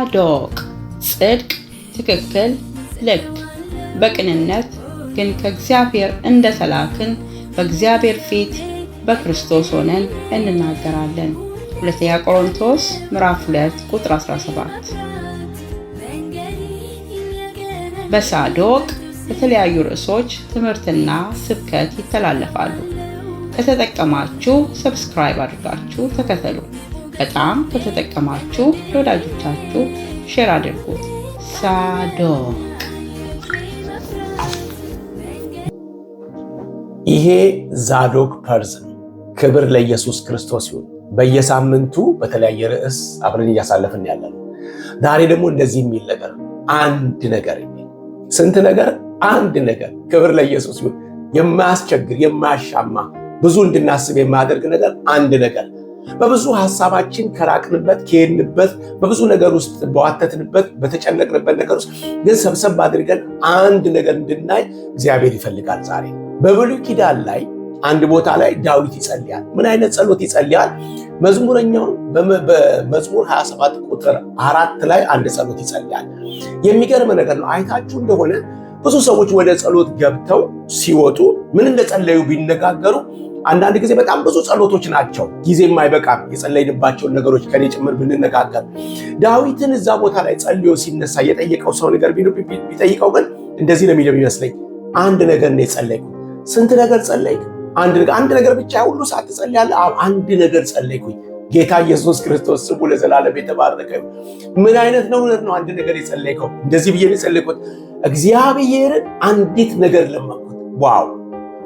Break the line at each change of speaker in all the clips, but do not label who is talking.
ሳዶቅ ጽድቅ፣ ትክክል፣ ልክ በቅንነት ግን ከእግዚአብሔር እንደ ተላክን በእግዚአብሔር ፊት በክርስቶስ ሆነን እንናገራለን። ሁለተኛ ቆሮንቶስ ምዕራፍ 2 ቁጥር 17። በሳዶቅ የተለያዩ ርዕሶች ትምህርትና ስብከት ይተላለፋሉ። ከተጠቀማችሁ ሰብስክራይብ አድርጋችሁ ተከተሉ። በጣም ከተጠቀማችሁ ለወዳጆቻችሁ ሼር አድርጉ። ሳዶቅ
ይሄ ዛዶቅ ፐርዝ ነው። ክብር ለኢየሱስ ክርስቶስ ይሁን። በየሳምንቱ በተለያየ ርዕስ አብረን እያሳለፍን ያለ ነው። ዛሬ ደግሞ እንደዚህ የሚል ነገር አንድ ነገር የሚል ስንት ነገር አንድ ነገር ክብር ለኢየሱስ ይሁን። የማያስቸግር የማያሻማ ብዙ እንድናስብ የማያደርግ ነገር አንድ ነገር በብዙ ሀሳባችን ከራቅንበት ከሄድንበት በብዙ ነገር ውስጥ በዋተትንበት በተጨነቅንበት ነገር ውስጥ ግን ሰብሰብ አድርገን አንድ ነገር እንድናይ እግዚአብሔር ይፈልጋል። ዛሬ በብሉይ ኪዳን ላይ አንድ ቦታ ላይ ዳዊት ይጸልያል። ምን አይነት ጸሎት ይጸልያል? መዝሙረኛው በመዝሙር 27 ቁጥር አራት ላይ አንድ ጸሎት ይጸልያል። የሚገርም ነገር ነው። አይታችሁ እንደሆነ ብዙ ሰዎች ወደ ጸሎት ገብተው ሲወጡ ምን እንደጸለዩ ቢነጋገሩ አንዳንድ ጊዜ በጣም ብዙ ጸሎቶች ናቸው፣ ጊዜ አይበቃም። የጸለይንባቸውን ነገሮች ከኔ ጭምር ብንነጋገር ዳዊትን እዛ ቦታ ላይ ጸልዮ ሲነሳ የጠየቀው ሰው ነገር ቢጠይቀው ግን እንደዚህ ነው የሚለው ይመስለኝ። አንድ ነገር ነው የጸለይኩት። ስንት ነገር ጸለይክ? አንድ ነገር ብቻ ሁሉ ሰዓት ትጸልያለህ? አንድ ነገር ጸለይኩኝ። ጌታ ኢየሱስ ክርስቶስ ስሙ ለዘላለም የተባረከ። ምን አይነት ነው ነው? አንድ ነገር የጸለይከው? እንደዚህ ብዬ የጸለይኩት እግዚአብሔርን አንዲት ነገር ለመንኩት። ዋው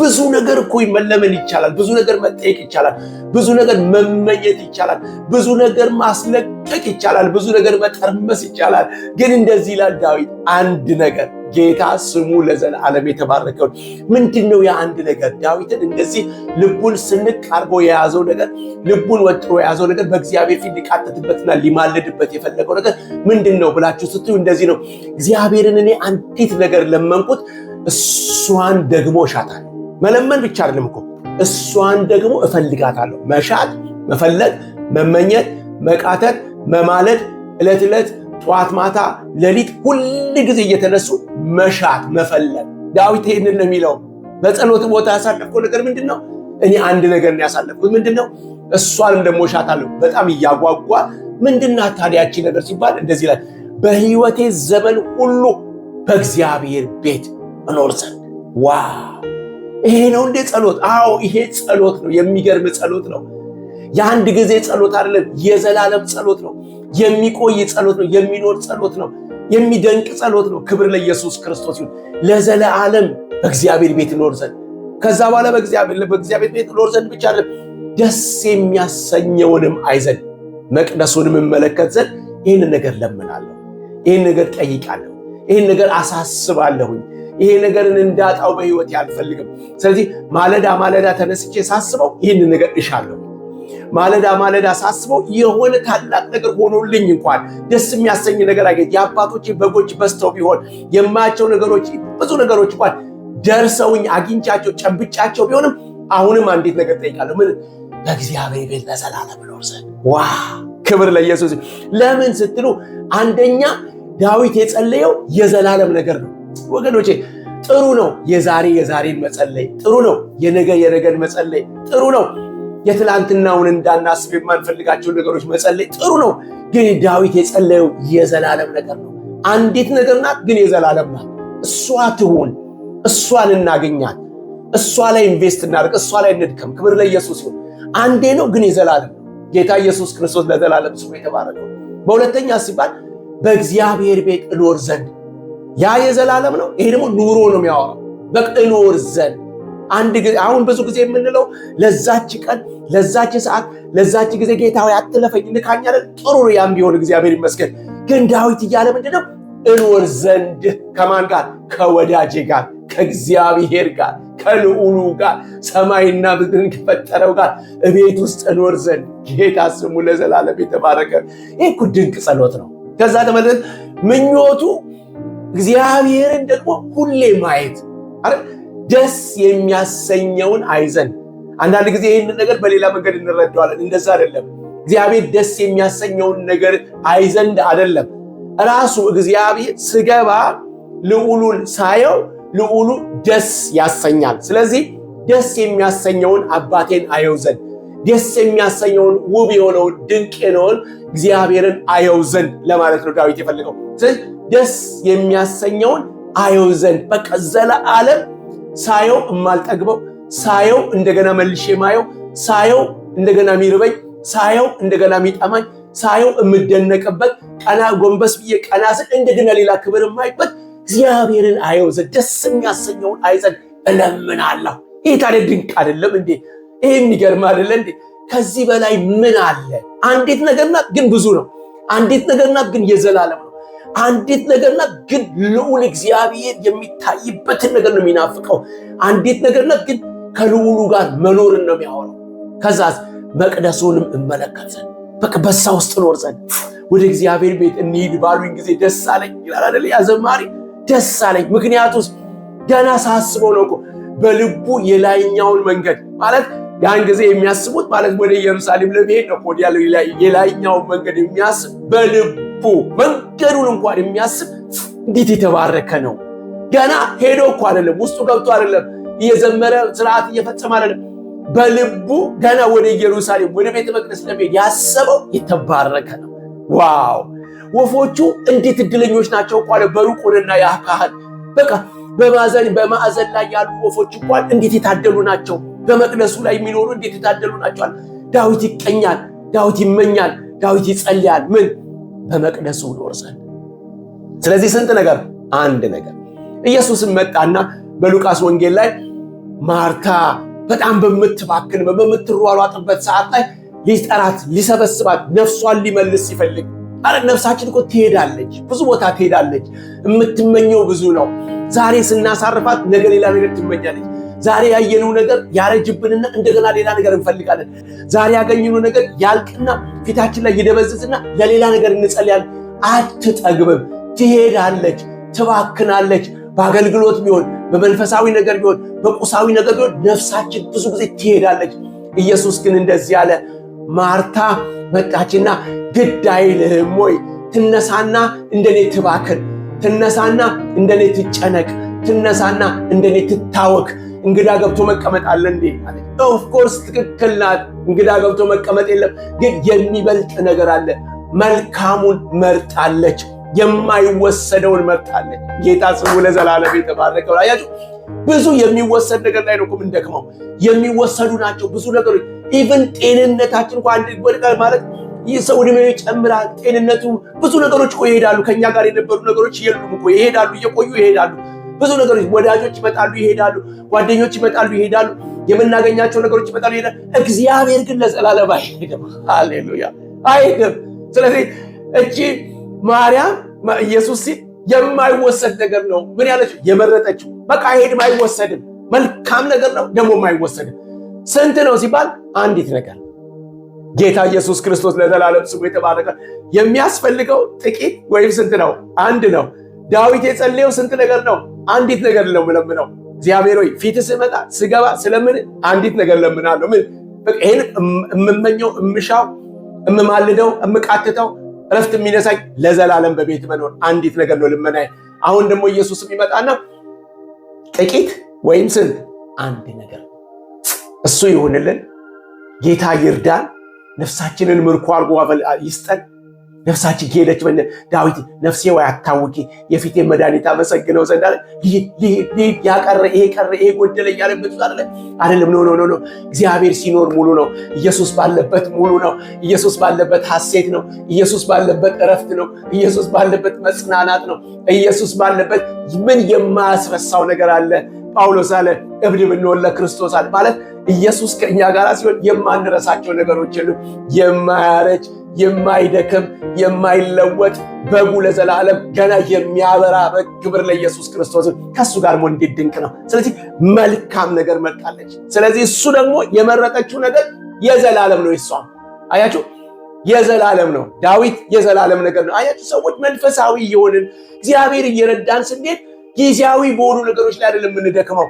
ብዙ ነገር እኮ መለመን ይቻላል። ብዙ ነገር መጠየቅ ይቻላል። ብዙ ነገር መመኘት ይቻላል። ብዙ ነገር ማስለቀቅ ይቻላል። ብዙ ነገር መጠርመስ ይቻላል። ግን እንደዚህ ይላል ዳዊት አንድ ነገር ጌታ ስሙ ለዘላለም የተባረከው። ምንድን ነው የአንድ ነገር? ዳዊትን እንደዚህ ልቡን ስንቅ አድርጎ የያዘው ነገር፣ ልቡን ወጥሮ የያዘው ነገር፣ በእግዚአብሔር ፊት ሊቃተትበትና ሊማልድበት የፈለገው ነገር ምንድን ነው ብላችሁ ስትዩ እንደዚህ ነው። እግዚአብሔርን እኔ አንዲት ነገር ለመንኩት፣ እሷን ደግሞ እሻታለሁ መለመን ብቻ አይደለም እኮ እሷን ደግሞ እፈልጋታለሁ። መሻት፣ መፈለግ፣ መመኘት፣ መቃተት፣ መማለድ ዕለት ዕለት ጠዋት ማታ ሌሊት ሁል ጊዜ እየተነሱ መሻት መፈለግ። ዳዊት ይህንን ነው የሚለው። በጸሎት ቦታ ያሳለፍከው ነገር ምንድን ነው? እኔ አንድ ነገር ነው ያሳለፍኩት። ምንድን ነው? እሷንም ደግሞ እሻታለሁ። በጣም እያጓጓ ምንድና ታዲያች ነገር ሲባል እንደዚህ ላይ በህይወቴ ዘመን ሁሉ በእግዚአብሔር ቤት እኖር ዘንድ ዋ ይሄ ነው እንዴ ጸሎት? አዎ ይሄ ጸሎት ነው። የሚገርም ጸሎት ነው። የአንድ ጊዜ ጸሎት አይደለም። የዘላለም ጸሎት ነው። የሚቆይ ጸሎት ነው። የሚኖር ጸሎት ነው። የሚደንቅ ጸሎት ነው። ክብር ለኢየሱስ ክርስቶስ ይሁን። ለዘለዓለም በእግዚአብሔር ቤት ኖር ዘንድ ከዛ በኋላ በእግዚአብሔር ቤት ኖር ዘንድ ብቻ አይደለም ደስ የሚያሰኘውንም አይዘን መቅደሱን መቅደሱንም እመለከት ዘንድ ይህን ነገር ለምናለሁ፣ ይህን ነገር ጠይቃለሁ፣ ይህን ነገር አሳስባለሁኝ ይሄ ነገርን እንዳጣው በህይወት አልፈልግም። ስለዚህ ማለዳ ማለዳ ተነስቼ ሳስበው ይህን ነገር እሻለሁ። ማለዳ ማለዳ ሳስበው የሆነ ታላቅ ነገር ሆኖልኝ እንኳን ደስ የሚያሰኝ ነገር አገኝ የአባቶች በጎች በዝተው ቢሆን የማያቸው ነገሮች ብዙ ነገሮች እንኳን ደርሰውኝ አግኝቻቸው ጨብጫቸው ቢሆንም አሁንም አንዲት ነገር ጠይቃለሁ። ምን በእግዚአብሔር ቤት ለዘላለም እኖር ዘንድ። ዋ ክብር ለኢየሱስ። ለምን ስትሉ አንደኛ ዳዊት የጸለየው የዘላለም ነገር ነው። ወገኖቼ ጥሩ ነው የዛሬ የዛሬን መጸለይ፣ ጥሩ ነው የነገ የነገን መጸለይ፣ ጥሩ ነው የትላንትናውን እንዳናስብ የማንፈልጋቸውን ነገሮች መጸለይ ጥሩ ነው። ግን ዳዊት የጸለየው የዘላለም ነገር ነው። አንዲት ነገር ናት፣ ግን የዘላለም ናት። እሷ ትሁን፣ እሷን እናገኛት፣ እሷ ላይ ኢንቨስት እናደርግ፣ እሷ ላይ እንድከም። ክብር ለኢየሱስ ይሁን። አንዴ ነው፣ ግን የዘላለም ጌታ ኢየሱስ ክርስቶስ ለዘላለም ስሙ የተባረከው። በሁለተኛ ሲባል በእግዚአብሔር ቤት እኖር ዘንድ ያ የዘላለም ነው። ይሄ ደግሞ ኑሮ ነው የሚያወራው። በቃ እኖር ዘንድ አንድ ጊዜ አሁን ብዙ ጊዜ የምንለው ለዛች ቀን፣ ለዛች ሰዓት፣ ለዛች ጊዜ ጌታ ሆይ አትለፈኝ ንካኛለን። ጥሩ ያም ቢሆን እግዚአብሔር ይመስገን። ግን ዳዊት እያለ ምንድነው እኖር ዘንድ ከማን ጋር? ከወዳጄ ጋር፣ ከእግዚአብሔር ጋር፣ ከልዑሉ ጋር፣ ሰማይና ምድርን ከፈጠረው ጋር እቤት ውስጥ እኖር ዘንድ። ጌታ ስሙ ለዘላለም የተባረከ። ይህ ድንቅ ጸሎት ነው። ከዛ ተመለስ ምኞቱ እግዚአብሔርን ደግሞ ሁሌ ማየት ደስ የሚያሰኘውን አይዘን። አንዳንድ ጊዜ ይህንን ነገር በሌላ መንገድ እንረዳዋለን። እንደዛ አይደለም። እግዚአብሔር ደስ የሚያሰኘውን ነገር አይዘንድ አይደለም። ራሱ እግዚአብሔር ስገባ ልዑሉን ሳየው ልዑሉ ደስ ያሰኛል። ስለዚህ ደስ የሚያሰኘውን አባቴን አየው ዘንድ ደስ የሚያሰኘውን ውብ የሆነውን ድንቅ የሆነውን እግዚአብሔርን አየው ዘንድ ለማለት ነው ዳዊት የፈለገው። ስለዚህ ደስ የሚያሰኘውን አየው ዘንድ በቃ ዘለዓለም ሳየው እማልጠግበው ሳየው እንደገና መልሼ ማየው ሳየው እንደገና የሚርበኝ ሳየው እንደገና የሚጠማኝ ሳየው የምደነቅበት ቀና ጎንበስ ብዬ ቀና ስል እንደገና ሌላ ክብር የማይበት እግዚአብሔርን አየው ዘንድ ደስ የሚያሰኘውን አይ ዘንድ እለምናለሁ። ይህ ታዲያ ድንቅ አይደለም እንዴ? ይህ የሚገርም አይደለ እንዴ? ከዚህ በላይ ምን አለ? አንዲት ነገር ናት፣ ግን ብዙ ነው። አንዲት ነገር ናት፣ ግን የዘላለም ነው። አንዲት ነገርና ግን ልዑል እግዚአብሔር የሚታይበትን ነገር ነው የሚናፍቀው። አንዲት ነገርና ግን ከልዑሉ ጋር መኖርን ነው የሚያወራው። ከዛ መቅደሱንም እመለከት ዘንድ በሳ ውስጥ ኖር ዘንድ ወደ እግዚአብሔር ቤት እንሂድ ባሉኝ ጊዜ ደስ አለኝ ይላል አይደል ያ ዘማሪ። ደስ አለኝ ምክንያቱስ ገና ሳስበው ነው እኮ በልቡ የላይኛውን መንገድ ማለት ያን ጊዜ የሚያስቡት ማለት ወደ ኢየሩሳሌም ለመሄድ ነው። ወዲያ የላይኛውን መንገድ የሚያስብ በልቡ ልቡ መንገዱን እንኳን የሚያስብ እንዴት የተባረከ ነው። ገና ሄዶ እኮ አይደለም ውስጡ ገብቶ አይደለም እየዘመረ ስርዓት እየፈጸመ አይደለም። በልቡ ገና ወደ ኢየሩሳሌም ወደ ቤተ መቅደስ ለመሄድ ያሰበው የተባረከ ነው። ዋው ወፎቹ እንዴት እድለኞች ናቸው እንኳን በሩቅ ሆነና ያ ካህን በቃ በማዕዘን በማዕዘን ላይ ያሉ ወፎች እንኳን እንዴት የታደሉ ናቸው። በመቅደሱ ላይ የሚኖሩ እንዴት የታደሉ ናቸዋል። ዳዊት ይቀኛል፣ ዳዊት ይመኛል፣ ዳዊት ይጸልያል። ምን በመቅደሱ ኖር ዘንድ። ስለዚህ ስንት ነገር አንድ ነገር ኢየሱስም መጣና በሉቃስ ወንጌል ላይ ማርታ በጣም በምትባክን በምትሯሯጥበት ሰዓት ላይ ሊጠራት ሊሰበስባት ነፍሷን ሊመልስ ሲፈልግ አረ ነፍሳችን እኮ ትሄዳለች፣ ብዙ ቦታ ትሄዳለች። የምትመኘው ብዙ ነው። ዛሬ ስናሳርፋት ነገ ሌላ ነገር ትመኛለች። ዛሬ ያየነው ነገር ያረጅብንና እንደገና ሌላ ነገር እንፈልጋለን። ዛሬ ያገኘነው ነገር ያልቅና ፊታችን ላይ ይደበዝዝና ለሌላ ነገር እንጸልያለን። አትጠግብም፣ ትሄዳለች፣ ትባክናለች። በአገልግሎት ቢሆን በመንፈሳዊ ነገር ቢሆን በቁሳዊ ነገር ቢሆን ነፍሳችን ብዙ ጊዜ ትሄዳለች። ኢየሱስ ግን እንደዚህ አለ። ማርታ መጣችና ግድ አይልህም ወይ? ትነሳና እንደኔ ትባክን፣ ትነሳና እንደኔ ትጨነቅ፣ ትነሳና እንደኔ ትታወክ እንግዳ ገብቶ መቀመጥ አለ እንዴ? ኦፍኮርስ ትክክል ናት። እንግዳ ገብቶ መቀመጥ የለም፣ ግን የሚበልጥ ነገር አለ። መልካሙን መርጣለች፣ የማይወሰደውን መርጣለች። ጌታ ስሙ ለዘላለም የተባረከ። ያቸው ብዙ የሚወሰድ ነገር ላይ ነው የምንደክመው። የሚወሰዱ ናቸው ብዙ ነገሮች። ኢቨን ጤንነታችን እንኳ አንድ ይወድቃል ማለት ይህ ሰው እድሜው ይጨምራል፣ ጤንነቱ ብዙ ነገሮች እኮ ይሄዳሉ። ከእኛ ጋር የነበሩ ነገሮች የሉም እኮ ይሄዳሉ፣ እየቆዩ ይሄዳሉ። ብዙ ነገሮች፣ ወዳጆች ይመጣሉ ይሄዳሉ፣ ጓደኞች ይመጣሉ ይሄዳሉ፣ የምናገኛቸው ነገሮች ይመጣሉ ይሄዳሉ። እግዚአብሔር ግን ለዘላለም አይሄድም። ሃሌሉያ አይሄድም። ስለዚህ እቺ ማርያም ኢየሱስ ሲል የማይወሰድ ነገር ነው። ምን ያለች የመረጠችው በቃ አይሄድም፣ አይወሰድም። መልካም ነገር ነው ደግሞ አይወሰድም። ስንት ነው ሲባል አንዲት ነገር ጌታ ኢየሱስ ክርስቶስ ለዘላለም ስሙ የተባረከ። የሚያስፈልገው ጥቂት ወይም ስንት ነው? አንድ ነው። ዳዊት የጸለየው ስንት ነገር ነው? አንዲት ነገር ነው የምለምነው፣ እግዚአብሔር ሆይ ፊት ስመጣ ስገባ ስለምን አንዲት ነገር ለምናለሁ። ምን ይህን የምመኘው እምሻው እምማልደው እምቃትተው እረፍት የሚነሳኝ ለዘላለም በቤት መኖር አንዲት ነገር ነው ልመና። አሁን ደግሞ ኢየሱስ የሚመጣና ጥቂት ወይም ስንት አንድ ነገር እሱ ይሁንልን። ጌታ ይርዳን። ነፍሳችንን ምርኮ አድርጎ ይስጠን። ነፍሳችን ከሄደች ዳዊት ነፍሴ ወይ አታውቂ የፊቴ መድኃኒት አመሰግነው ዘንድ አለ። ያቀረ ይሄ ቀረ ይሄ ጎደለ እያለበት አለ አይደለም። ኖ ኖ ኖ፣ እግዚአብሔር ሲኖር ሙሉ ነው። ኢየሱስ ባለበት ሙሉ ነው። ኢየሱስ ባለበት ሐሴት ነው። ኢየሱስ ባለበት እረፍት ነው። ኢየሱስ ባለበት መጽናናት ነው። ኢየሱስ ባለበት ምን የማያስረሳው ነገር አለ? ጳውሎስ አለ እብድ ብንሆን ለክርስቶስ አለ ማለት ኢየሱስ ከእኛ ጋር ሲሆን የማንረሳቸው ነገሮች የሉም የማያረጅ የማይደክም የማይለወጥ በጉ ለዘላለም ገና የሚያበራ በክብር ለኢየሱስ ክርስቶስ ከእሱ ጋር መሆን እንዴት ድንቅ ነው። ስለዚህ መልካም ነገር መርጣለች። ስለዚህ እሱ ደግሞ የመረጠችው ነገር የዘላለም ነው። ይሷም አያችሁ የዘላለም ነው። ዳዊት የዘላለም ነገር ነው። አያችሁ ሰዎች መንፈሳዊ እየሆንን እግዚአብሔር እየረዳን ስንሄድ ጊዜያዊ በሆኑ ነገሮች ላይ አይደለም የምንደክመው።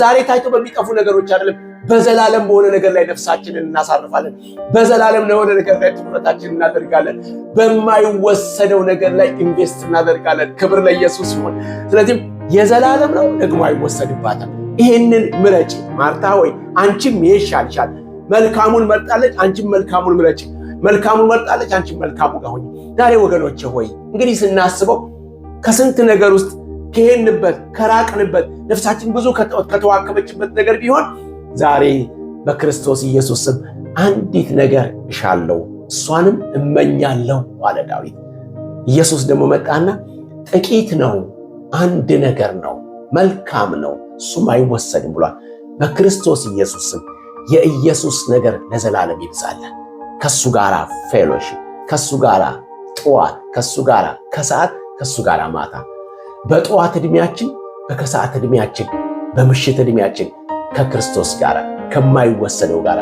ዛሬ ታይቶ በሚጠፉ ነገሮች አይደለም በዘላለም በሆነ ነገር ላይ ነፍሳችንን እናሳርፋለን። በዘላለም ለሆነ ነገር ላይ ትኩረታችንን እናደርጋለን። በማይወሰነው ነገር ላይ ኢንቨስት እናደርጋለን። ክብር ለኢየሱስ ይሁን። ስለዚህም የዘላለም ነው ደግሞ አይወሰድባትም። ይህንን ምረጭ። ማርታ ወይ አንቺም ይሻልሻል። መልካሙን መርጣለች፣ አንቺም መልካሙን ምረጭ። መልካሙን መርጣለች፣ አንቺም መልካሙ ጋር ሆኝ። ዛሬ ወገኖች ሆይ እንግዲህ ስናስበው ከስንት ነገር ውስጥ ከሄንበት ከራቅንበት ነፍሳችን ብዙ ከተዋከበችበት ነገር ቢሆን ዛሬ በክርስቶስ ኢየሱስ ስም አንዲት ነገር እሻለሁ እሷንም እመኛለሁ አለ ዳዊት። ኢየሱስ ደግሞ መጣና ጥቂት ነው፣ አንድ ነገር ነው፣ መልካም ነው፣ እሱም አይወሰድም ብሏል። በክርስቶስ ኢየሱስ ስም የኢየሱስ ነገር ለዘላለም ይብዛለን። ከሱ ጋር ፌሎሺፕ፣ ከሱ ጋር ጠዋት፣ ከሱ ጋር ከሰዓት፣ ከሱ ጋር ማታ፣ በጠዋት ዕድሜያችን፣ በከሰዓት ዕድሜያችን፣ በምሽት ዕድሜያችን ከክርስቶስ ጋር ከማይወሰደው ጋር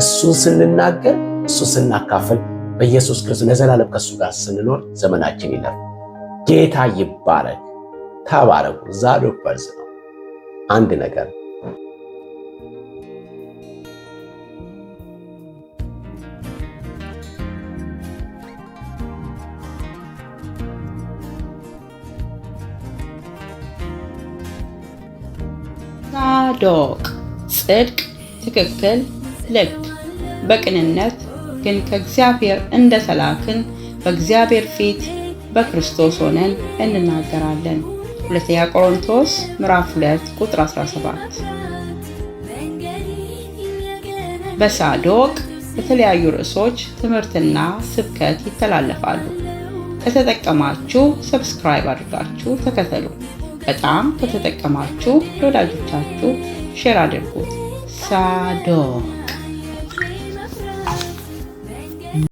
እሱን ስንናገር እሱን ስናካፍል በኢየሱስ ክርስቶስ ለዘላለም ከእሱ ጋር ስንኖር ዘመናችን ይለፍ። ጌታ ይባረክ። ተባረኩ። ዛሬው በርዝ ነው አንድ ነገር
ሳዶቅ ጽድቅ፣ ትክክል፣ ልክ በቅንነት ግን ከእግዚአብሔር እንደ ተላክን በእግዚአብሔር ፊት በክርስቶስ ሆነን እንናገራለን። ሁለተኛ ቆሮንቶስ ምዕራፍ 2 ቁጥር 17። በሳዶቅ የተለያዩ ርዕሶች ትምህርትና ስብከት ይተላለፋሉ። ከተጠቀማችሁ ሰብስክራይብ አድርጋችሁ ተከተሉ። በጣም ከተጠቀማችሁ ለወዳጆቻችሁ ሼር አድርጉት። ሳዶ